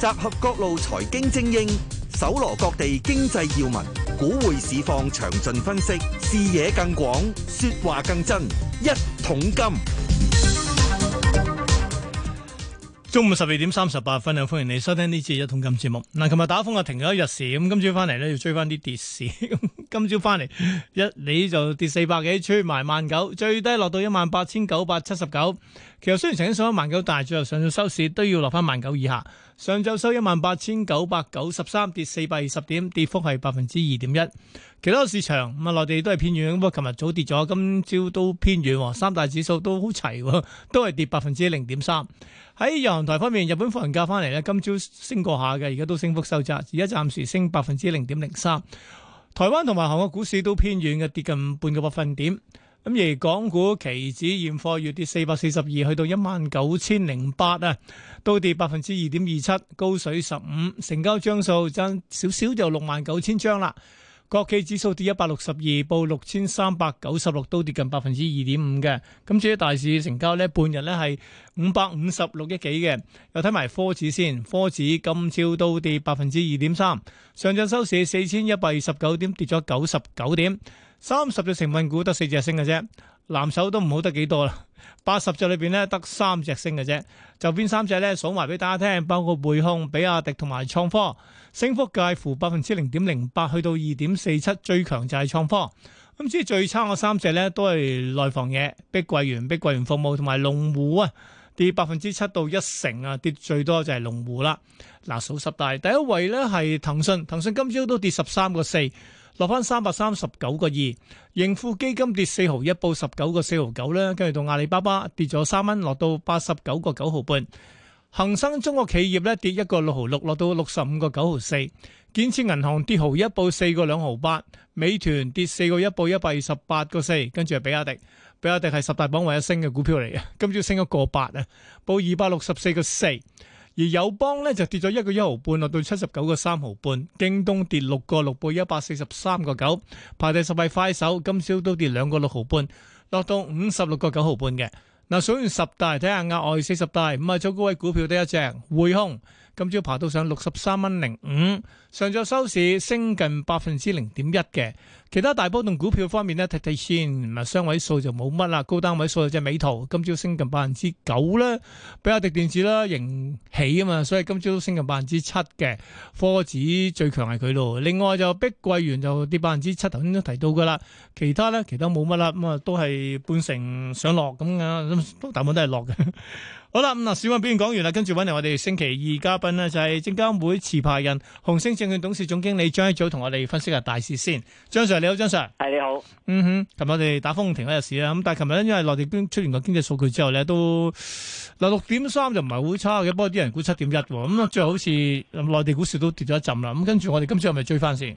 集合各路財經精英，搜羅各地經濟要聞，股匯市況詳盡分析，視野更廣，說話更真。一桶金中午十二點三十八分，又歡迎你收聽呢次一桶金節目。嗱，琴日打風啊，停咗一日市咁，今朝翻嚟咧要追翻啲跌市。咁今朝翻嚟一你就跌四百幾，追埋萬九，最低落到一萬八千九百七十九。其實雖然曾經上咗萬九，但係最後上咗收市都要落翻萬九以下。上晝收一萬八千九百九十三，跌四百二十點，跌幅係百分之二點一。其他市場咁啊，內地都係偏軟，不過琴日早跌咗，今朝都偏軟，三大指數都好齊，都係跌百分之零點三。喺油行台方面，日本富人價翻嚟咧，今朝升過下嘅，而家都升幅收窄，而家暫時升百分之零點零三。台灣同埋韓國股市都偏軟嘅，跌近半個百分點。咁而港股期指現貨月跌四百四十二，去到一萬九千零八啊，都跌百分之二點二七，高水十五，成交張數增少少就六萬九千張啦。國企指數跌一百六十二，報六千三百九十六，都跌近百分之二點五嘅。咁至於大市成交咧，半日咧係五百五十六億幾嘅。又睇埋科指先，科指今朝都跌百分之二點三，上晝，收市四千一百二十九點，跌咗九十九點，三十隻成分股得四隻升嘅啫。藍手都唔好得幾多啦，八十隻裏邊咧得三隻升嘅啫，就邊三隻咧，數埋俾大家聽，包括匯控、比亞迪同埋創科，升幅介乎百分之零點零八，去到二點四七，最強就係創科。咁至於最差嘅三隻咧，都係內房嘢，碧桂園、碧桂園服務同埋龍湖啊，跌百分之七到一成啊，跌最多就係龍湖啦。嗱，數十大第一位咧係騰訊，騰訊今朝都跌十三個四。落翻三百三十九個二，盈富基金跌四毫一，報十九個四毫九咧。跟住到阿里巴巴跌咗三蚊，落到八十九個九毫半。恒生中國企業咧跌一個六毫六，落到六十五個九毫四。建設銀行跌毫一，報四個兩毫八。美團跌四個一，報一百二十八個四。跟住係比亞迪，比亞迪係十大榜唯一升嘅股票嚟嘅，今朝升咗個八啊，報二百六十四個四。而友邦咧就跌咗一個一毫半，落到七十九個三毫半；京東跌六個六倍，一百四十三個九，排第十位快。快手今朝都跌兩個六毫半，落到五十六個九毫半嘅。嗱，數完十大，睇下額外四十大，唔係做高位股票得一隻匯控。今朝爬到上六十三蚊零五，上晝收市升近百分之零點一嘅。其他大波動股票方面咧，睇睇先，唔係雙位數就冇乜啦，高單位數就隻美圖，今朝升近百分之九啦。比亞迪電子啦，仍起啊嘛，所以今朝都升近百分之七嘅。科指最強係佢咯。另外就碧桂園就跌百分之七，頭先都提到噶啦。其他咧，其他冇乜啦，咁啊都係半成上落咁噶，都大部分都係落嘅。 好啦，咁嗱，小問表現講完啦，跟住揾嚟我哋星期二嘉賓咧，就係證監會持牌人、紅星證券董事總經理張益祖，同我哋分析下大市先。張 sir 你好，張 sir 係你好。嗯哼，琴日我哋打風停咗一日市啦，咁但係琴日因為內地邊出現個經濟數據之後咧，都嗱六點三就唔係好差嘅，不過啲人估七點一，咁啊，最後好似內地股市都跌咗一陣啦。咁跟住我哋今朝係咪追翻先？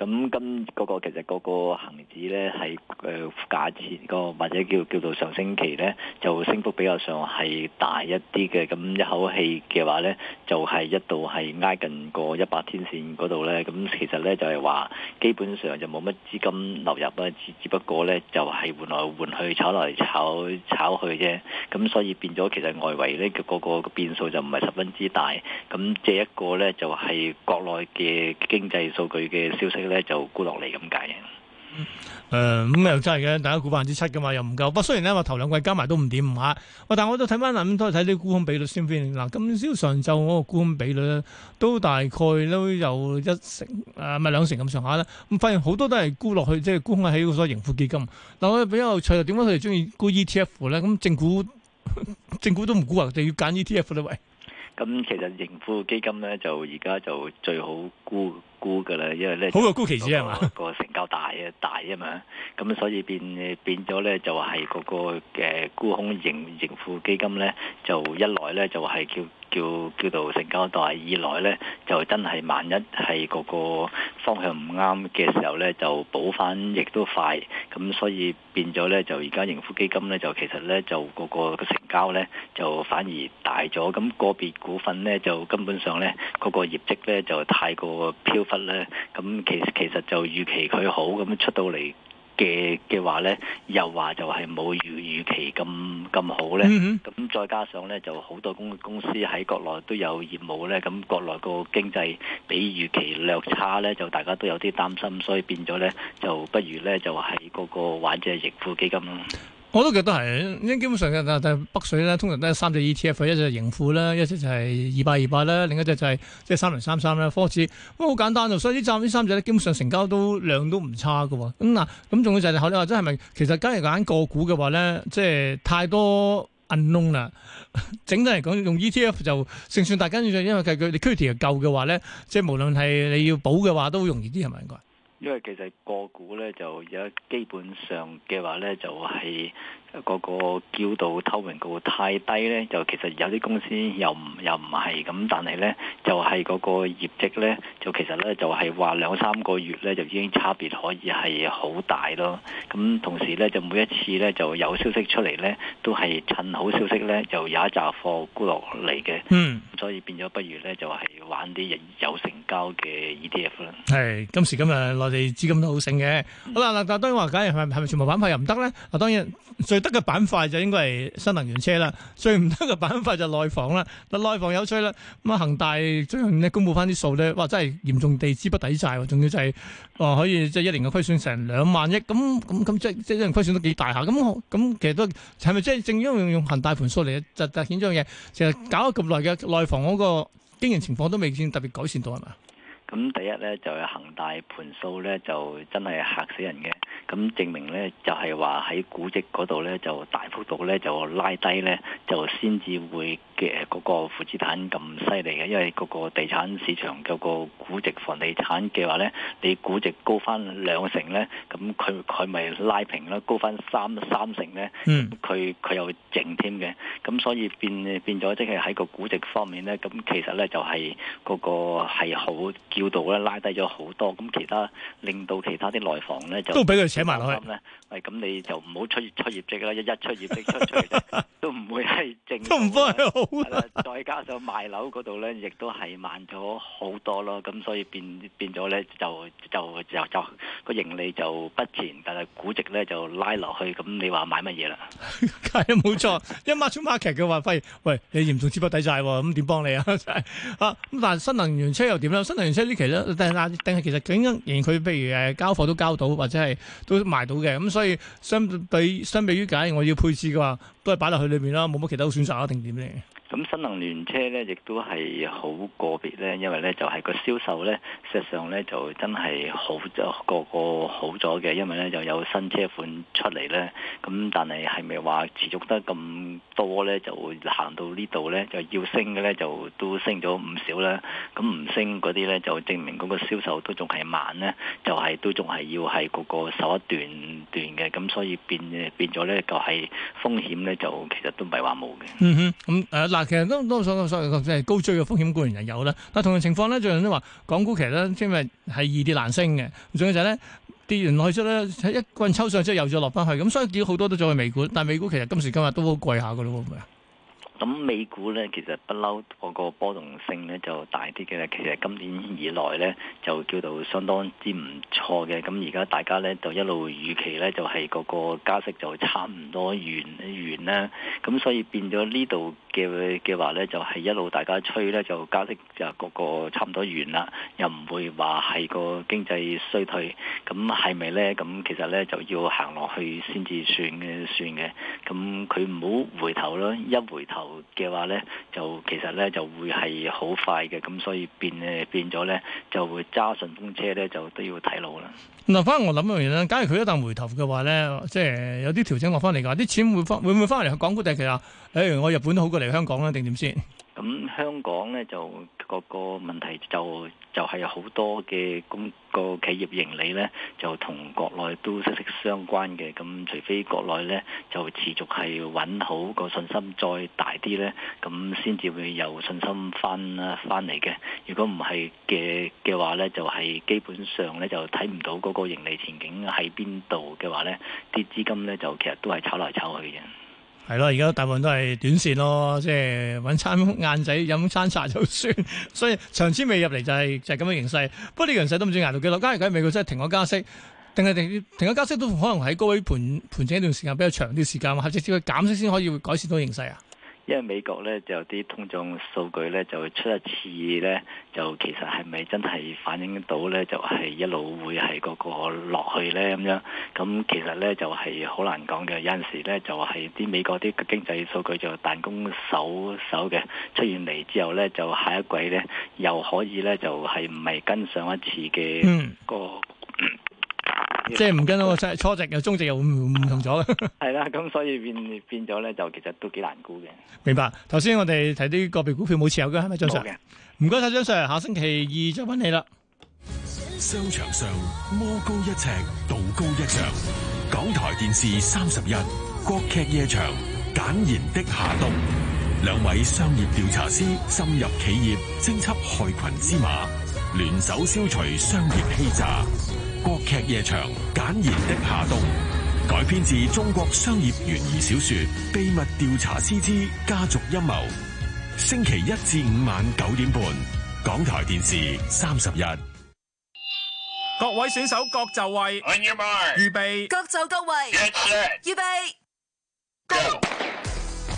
咁今嗰個其實個、呃那個恆指咧係誒價錢，個或者叫叫做上升期咧就升幅比較上係大一啲嘅，咁一口氣嘅話咧就係、是、一度係挨近過一百天線嗰度咧，咁其實咧就係、是、話基本上就冇乜資金流入啦，只只不過咧就係、是、換來換去炒來炒炒去啫，咁所以變咗其實外圍咧、那個個變數就唔係十分之大，咁借一個咧就係、是、國內嘅經濟數據嘅消息。咧就沽落嚟咁解，誒咁、呃嗯、又真係嘅，大家沽百分之七噶嘛，又唔夠。不、啊、過雖然咧話頭兩季加埋都五點五吓，喂、啊，但係我都睇翻諗多睇啲沽空比率先嗱，今、啊、朝上晝嗰個沽空比率咧，都大概都有一成誒，唔、啊、係兩成咁上下啦。咁、啊、發現好多都係沽落去，即係沽空喺嗰所盈富基金。嗱，我比較有趣就點解佢哋中意沽 ETF 咧？咁正股正股都唔沽啊，就要揀 ETF 咯喂。咁其實盈富基金咧就而家就最好沽。沽噶啦，因為咧好個沽期指啊嘛，個就 成交大啊大啊嘛，咁所以變變咗咧就係、是、嗰個嘅沽空盈盈富基金咧，就一來咧就係、是、叫叫叫做成交大，二來咧就真係萬一係嗰個方向唔啱嘅時候咧，就補翻亦都快，咁所以變咗咧就而家盈富基金咧就其實咧就個個成交咧就反而大咗，咁、那個別股份咧就根本上咧嗰個業績咧就太過飄。咧，咁其實其實就預期佢好，咁出到嚟嘅嘅話咧，又話就係冇預預期咁咁好咧。咁再加上咧，就好多公公司喺國內都有業務咧，咁國內個經濟比預期略差咧，就大家都有啲擔心，所以變咗咧，就不如咧就係嗰個玩隻盈富基金。我都覺得係，因為基本上嘅北水咧，通常都係三隻 ETF，一隻盈富啦，一隻就係二八二八啦，200，另一隻就係即係三零三三啦。科指咁好簡單啊，所以呢站呢，三隻基本上成交都量都唔差嘅喎。咁嗱，咁仲要就係你話即係咪其實今日玩個股嘅話咧，即係太多暗湧啦。整體嚟講，用 ETF 就勝算大，跟住因為佢佢你 duration 夠嘅話咧，即係無論係你要補嘅話都容易啲，係咪應該？因為其實個股咧就而家基本上嘅話咧就係、是。個個叫到透明度太低咧，就其實有啲公司又唔又唔係咁，但係咧就係嗰個業績咧就其實咧就係話兩三個月咧就已經差別可以係好大咯。咁同時咧就每一次咧就有消息出嚟咧，都係趁好消息咧就有一扎貨沽落嚟嘅。嗯，所以變咗不如咧就係玩啲有成交嘅 ETF 啦。係，今時今日內地資金都好盛嘅。嗯、好啦，嗱，但當然話，梗係係咪係咪全部板塊又唔得咧？啊，當然最。得嘅板塊就應該係新能源車啦，最唔得嘅板塊就內房啦。嗱，內房有趣啦，咁啊恒大最近咧公布翻啲數咧，哇真係嚴重地資不抵債，仲要就係哦可以即係一年嘅虧損成兩萬億，咁咁咁即係即係一年虧損都幾大下。咁咁其實都係咪即係正因為用用恒大盤數嚟就凸顯咗樣嘢，其實搞咗咁耐嘅內房嗰個經營情況都未見特別改善到係嘛？咁第一咧就係、是、恒大盤數咧就真係嚇死人嘅，咁證明咧就係話喺估值嗰度咧就大幅度咧就拉低咧，就先至會嘅嗰、呃那個負資產咁犀利嘅，因為嗰個地產市場個、那個估值房地產嘅話咧，你估值高翻兩成咧，咁佢佢咪拉平咯，高翻三三成咧，佢佢又靜添嘅，咁所以變變咗即係喺個估值方面咧，咁其實咧就係、是、嗰、那個係好。要道咧拉低咗好多，咁其他令到其他啲內房咧就都俾佢扯埋落去咧，喂咁你就唔好出出業績啦，一一出業績出業 都唔會係正，都唔會係好。再加上賣樓嗰度咧，亦都係慢咗好多咯，咁所以變變咗咧就就就就個盈利就不前，但係估值咧就拉落去，咁你話買乜嘢啦？係冇 錯，一問 mark market 嘅話，發現，喂你嚴重資不抵債喎，咁點幫你啊？ 啊咁但係新能源車又點咧？新能源車？其實定係拉，定其實佢，然佢譬如誒交貨都交到，或者係都賣到嘅，咁所以相比相比於假如，我要配置嘅話，都係擺落去裏面啦，冇乜其他選擇啊，定點咧？咁新能源車咧，亦都係好個別咧，因為咧就係個銷售咧，事實上咧就真係好咗個個好咗嘅，因為咧就有新車款出嚟咧。咁但係係咪話持續得咁多咧，就行到呢度咧就要升嘅咧，就都升咗唔少啦。咁唔升嗰啲咧，就證明嗰個銷售都仲係慢咧，就係都仲係要係個個受一段段嘅。咁所以變變咗咧，就係風險咧，就其實都唔係話冇嘅。嗯哼，咁、嗯、誒、呃其實都多數個所謂個即係高追嘅風險固然係有啦，但係同樣情況咧，最近都話港股其實咧，因為係易跌難升嘅，仲有就係咧啲元內出咧，一個人抽上之後又再落翻去，咁所以點好多都再去美股，但係美股其實今時今日都好貴下噶咯，會唔會？咁美股咧，其實不嬲個個波動性咧就大啲嘅，其實今年以來咧就叫做相當之唔錯嘅，咁而家大家咧就一路預期咧就係個個加息就差唔多完完啦，咁所以變咗呢度。嘅嘅話咧，就係一路大家吹咧，就加息就個個差唔多完啦，又唔會話係個經濟衰退。咁係咪咧？咁其實咧就要行落去先至算嘅，算嘅。咁佢唔好回頭咯，一回頭嘅話咧，就其實咧就會係好快嘅。咁所以變咧變咗咧，就會揸順風車咧，就都要睇路啦。嗱，反而我諗嘅嘢咧，假如佢一旦回頭嘅話咧，即係有啲調整落翻嚟嘅啲錢會翻會唔會翻嚟去港股定其他？誒、哎，我日本好過嚟香港啦，定點先？咁、嗯、香港呢，就個個問題就就係、有好多嘅工個企業盈利呢，就同國內都息息相關嘅。咁除非國內呢，就持續係揾好個信心再大啲呢，咁先至會有信心翻啦翻嚟嘅。如果唔係嘅嘅話呢，就係、係、基本上呢，就睇唔到嗰個盈利前景喺邊度嘅話呢，啲資金呢，就其實都係炒嚟炒去嘅。係咯，而家大部分都係短線咯，即係揾餐晏仔飲餐茶就算。所以長線未入嚟就係、是、就係咁嘅形勢。不過呢個形勢都唔知捱到幾耐。假如美國真係停咗加息，定係停停咗加息都可能喺高位盤盤整一段時間比較長啲時間或者接佢減息先可以改善到形勢啊。因為美國咧就啲通脹數據咧就出一次咧，就其實係咪真係反映到咧就係、是、一路會係個個落去咧咁樣？咁其實咧就係、是、好難講嘅。有陣時咧就係、是、啲美國啲經濟數據就彈弓手手嘅，出現嚟之後咧，就下一季咧又可以咧就係唔係跟上一次嘅、那個。嗯即係唔跟嗰個初值、又中值又唔同咗嘅。係 啦，咁所以變變咗咧，就其實都幾難估嘅。明白。頭先我哋睇啲個別股票冇持有嘅係咪，是是張 Sir？唔該晒張 Sir。下星期二再揾你啦。商場上，魔高一尺，道高一丈。港台電視三十一，國劇夜場。簡言的夏冬，兩位商業調查師深入企業，偵測害群之馬，聯手消除商業欺詐。國劇夜場，簡言的夏冬改編自中國商業懸疑小說《秘密調查師之家族陰謀》。星期一至五晚九點半，港台電視三十日。各位選手各就位，On your mark，預備，各就各位，Get set，預備，Go。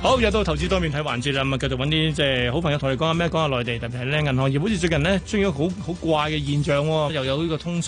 好，又到投資多面睇環節啦，噉啊繼續揾啲即係好朋友同你講下咩，講下內地特別係咧銀行業，好似最近咧出現咗一個好好怪嘅現象，又有呢個通縮。